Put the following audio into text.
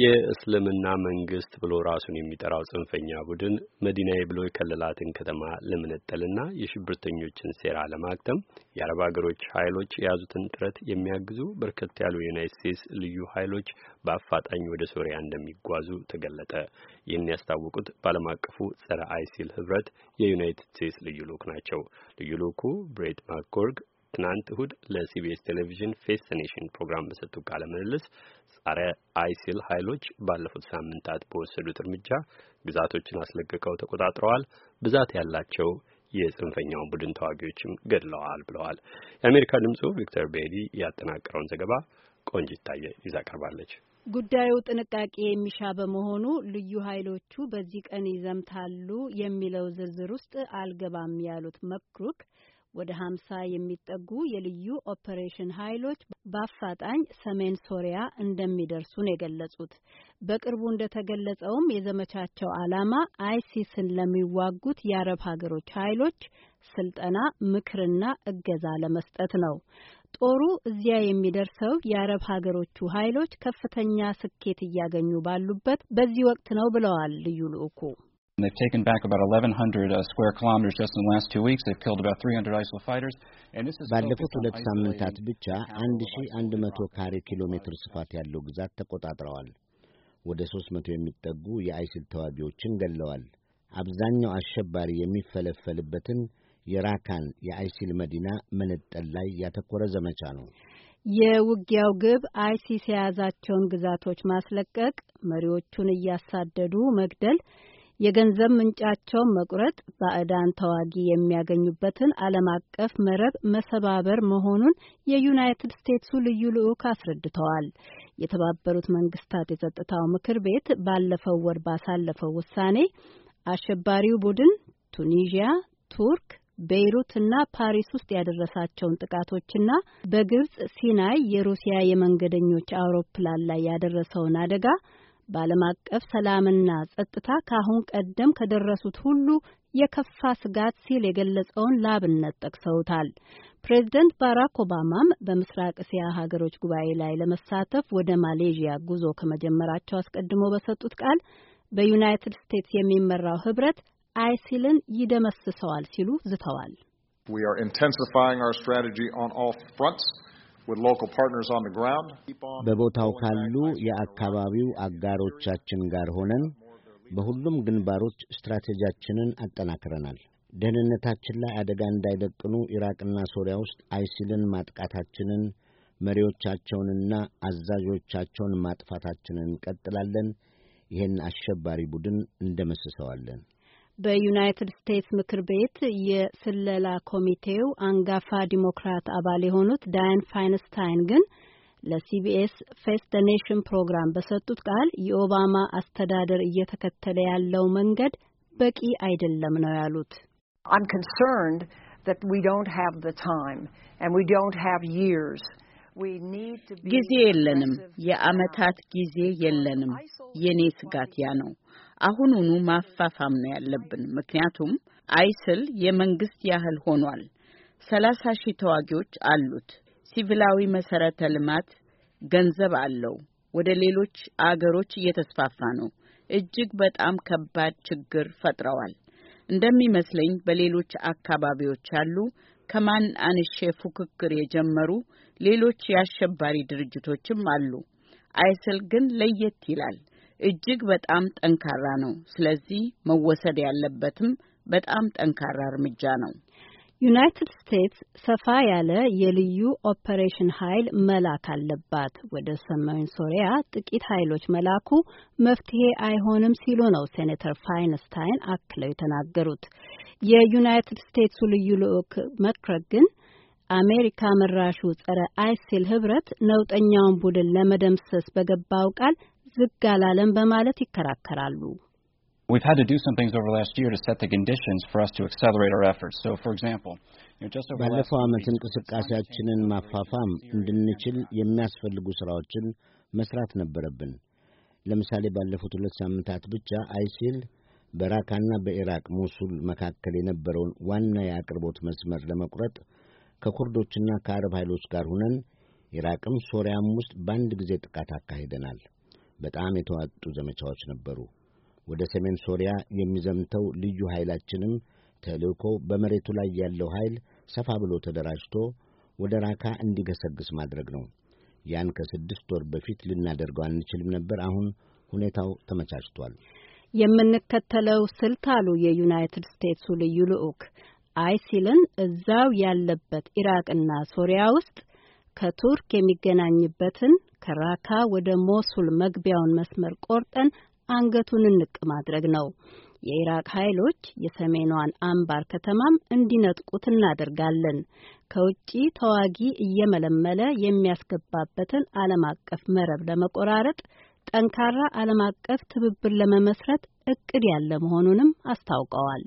የእስልምና መንግስት ብሎ ራሱን የሚጠራው ጽንፈኛ ቡድን መዲናዬ ብሎ የከለላትን ከተማ ለመነጠልና የሽብርተኞችን ሴራ ለማክተም የአረብ ሀገሮች ኃይሎች የያዙትን ጥረት የሚያግዙ በርከት ያሉ የዩናይት ስቴትስ ልዩ ኃይሎች በአፋጣኝ ወደ ሶሪያ እንደሚጓዙ ተገለጠ። ይህን ያስታወቁት በዓለም አቀፉ ጸረ አይሲል ህብረት የዩናይትድ ስቴትስ ልዩ ልኡክ ናቸው። ልዩ ልኡኩ ብሬት ማክጎርግ ትናንት እሁድ ለሲቢኤስ ቴሌቪዥን ፌስ ፕሮግራም በሰጡት ቃለ ምልልስ ጸረ አይሲል ኃይሎች ባለፉት ሳምንታት በወሰዱት እርምጃ ግዛቶችን አስለቅቀው ተቆጣጥረዋል፣ ብዛት ያላቸው የጽንፈኛውን ቡድን ተዋጊዎችም ገድለዋል ብለዋል። የአሜሪካ ድምፁ ቪክተር ቤዲ ያጠናቀረውን ዘገባ ቆንጂት ታየ ይዛ ቀርባለች። ጉዳዩ ጥንቃቄ የሚሻ በመሆኑ ልዩ ኃይሎቹ በዚህ ቀን ይዘምታሉ የሚለው ዝርዝር ውስጥ አልገባም ያሉት መክሩክ ወደ 50 የሚጠጉ የልዩ ኦፐሬሽን ኃይሎች በአፋጣኝ ሰሜን ሶሪያ እንደሚደርሱ ነው የገለጹት። በቅርቡ እንደተገለጸውም የዘመቻቸው ዓላማ አይሲስን ለሚዋጉት የአረብ ሀገሮች ኃይሎች ስልጠና፣ ምክርና እገዛ ለመስጠት ነው። ጦሩ እዚያ የሚደርሰው የአረብ ሀገሮቹ ኃይሎች ከፍተኛ ስኬት እያገኙ ባሉበት በዚህ ወቅት ነው ብለዋል ልዩ ልዑኩ። They've taken back about 1,100 uh, square kilometers just in the last two weeks. They've killed about 300 ISIL fighters. ባለፉት ሁለት ሳምንታት ብቻ 1100 ካሬ ኪሎ ሜትር ስፋት ያለው ግዛት ተቆጣጥረዋል። ወደ 300 የሚጠጉ የአይሲል ተዋጊዎችን ገለዋል። አብዛኛው አሸባሪ የሚፈለፈልበትን የራካን የአይሲል መዲና መነጠል ላይ ያተኮረ ዘመቻ ነው። የውጊያው ግብ አይሲስ የያዛቸውን ግዛቶች ማስለቀቅ፣ መሪዎቹን እያሳደዱ መግደል የገንዘብ ምንጫቸውን መቁረጥ ባዕዳን ተዋጊ የሚያገኙበትን ዓለም አቀፍ መረብ መሰባበር መሆኑን የዩናይትድ ስቴትሱ ልዩ ልዑክ አስረድተዋል። የተባበሩት መንግስታት የጸጥታው ምክር ቤት ባለፈው ወር ባሳለፈው ውሳኔ አሸባሪው ቡድን ቱኒዥያ፣ ቱርክ ቤይሩት እና ፓሪስ ውስጥ ያደረሳቸውን ጥቃቶችና በግብጽ ሲናይ የሩሲያ የመንገደኞች አውሮፕላን ላይ ያደረሰውን አደጋ በዓለም አቀፍ ሰላምና ጸጥታ ከአሁን ቀደም ከደረሱት ሁሉ የከፋ ስጋት ሲል የገለጸውን ላብነት ጠቅሰውታል። ፕሬዝደንት ባራክ ኦባማም በምስራቅ እስያ ሀገሮች ጉባኤ ላይ ለመሳተፍ ወደ ማሌዥያ ጉዞ ከመጀመራቸው አስቀድሞ በሰጡት ቃል በዩናይትድ ስቴትስ የሚመራው ህብረት አይሲልን ይደመስሰዋል ሲሉ ዝተዋል። We are intensifying our strategy on all fronts. በቦታው ካሉ የአካባቢው አጋሮቻችን ጋር ሆነን በሁሉም ግንባሮች ስትራቴጂያችንን አጠናክረናል። ደህንነታችን ላይ አደጋ እንዳይደቅኑ ኢራቅና ሶሪያ ውስጥ አይሲልን ማጥቃታችንን፣ መሪዎቻቸውንና አዛዦቻቸውን ማጥፋታችንን እንቀጥላለን። ይህን አሸባሪ ቡድን እንደመስሰዋለን። በዩናይትድ ስቴትስ ምክር ቤት የስለላ ኮሚቴው አንጋፋ ዲሞክራት አባል የሆኑት ዳያን ፋይንስታይን ግን ለሲቢኤስ ፌስ ደ ኔሽን ፕሮግራም በሰጡት ቃል የኦባማ አስተዳደር እየተከተለ ያለው መንገድ በቂ አይደለም ነው ያሉት። I'm concerned that we don't have the time and we don't have years. ጊዜ የለንም፣ የአመታት ጊዜ የለንም። የኔ ስጋት ያ ነው። አሁኑኑ ማፋፋም ነው ያለብን። ምክንያቱም አይስል የመንግስት ያህል ሆኗል። ሰላሳ ሺህ ተዋጊዎች አሉት። ሲቪላዊ መሰረተ ልማት፣ ገንዘብ አለው። ወደ ሌሎች አገሮች እየተስፋፋ ነው። እጅግ በጣም ከባድ ችግር ፈጥረዋል። እንደሚመስለኝ በሌሎች አካባቢዎች ያሉ ከማን አንሼ ፉክክር የጀመሩ ሌሎች የአሸባሪ ድርጅቶችም አሉ። አይስል ግን ለየት ይላል። እጅግ በጣም ጠንካራ ነው። ስለዚህ መወሰድ ያለበትም በጣም ጠንካራ እርምጃ ነው። ዩናይትድ ስቴትስ ሰፋ ያለ የልዩ ኦፐሬሽን ኃይል መላክ አለባት። ወደ ሰሜን ሶሪያ ጥቂት ኃይሎች መላኩ መፍትሄ አይሆንም ሲሉ ነው ሴኔተር ፋይንስታይን አክለው የተናገሩት። የዩናይትድ ስቴትሱ ልዩ ልዑክ መክረግ ግን አሜሪካ መራሹ ጸረ አይሲል ህብረት ነውጠኛውን ቡድን ለመደምሰስ በገባው ቃል ዝግ አላለም በማለት ይከራከራሉ። ባለፈው ዓመት እንቅስቃሴያችንን ማፋፋም እንድንችል የሚያስፈልጉ ሥራዎችን መስራት ነበረብን። ለምሳሌ ባለፉት ሁለት ሳምንታት ብቻ አይሲል በራካና በኢራቅ ሞሱል መካከል የነበረውን ዋና የአቅርቦት መስመር ለመቁረጥ ከኩርዶችና ከአረብ ኃይሎች ጋር ሁነን ኢራቅም ሶሪያም ውስጥ በአንድ ጊዜ ጥቃት አካሂደናል። በጣም የተዋጡ ዘመቻዎች ነበሩ። ወደ ሰሜን ሶሪያ የሚዘምተው ልዩ ኃይላችንም ተልእኮ በመሬቱ ላይ ያለው ኃይል ሰፋ ብሎ ተደራጅቶ ወደ ራካ እንዲገሰግስ ማድረግ ነው። ያን ከስድስት ወር በፊት ልናደርገው አንችልም ነበር። አሁን ሁኔታው ተመቻችቷል። የምንከተለው ስልት አሉ የዩናይትድ ስቴትሱ ልዩ ልዑክ አይሲልን እዛው ያለበት ኢራቅና ሶሪያ ውስጥ ከቱርክ የሚገናኝበትን ከራካ ወደ ሞሱል መግቢያውን መስመር ቆርጠን አንገቱን እንቅ ማድረግ ነው። የኢራቅ ኃይሎች የሰሜኗን አምባር ከተማም እንዲነጥቁት እናደርጋለን። ከውጪ ተዋጊ እየመለመለ የሚያስገባበትን ዓለም አቀፍ መረብ ለመቆራረጥ ጠንካራ ዓለም አቀፍ ትብብር ለመመስረት እቅድ ያለ መሆኑንም አስታውቀዋል።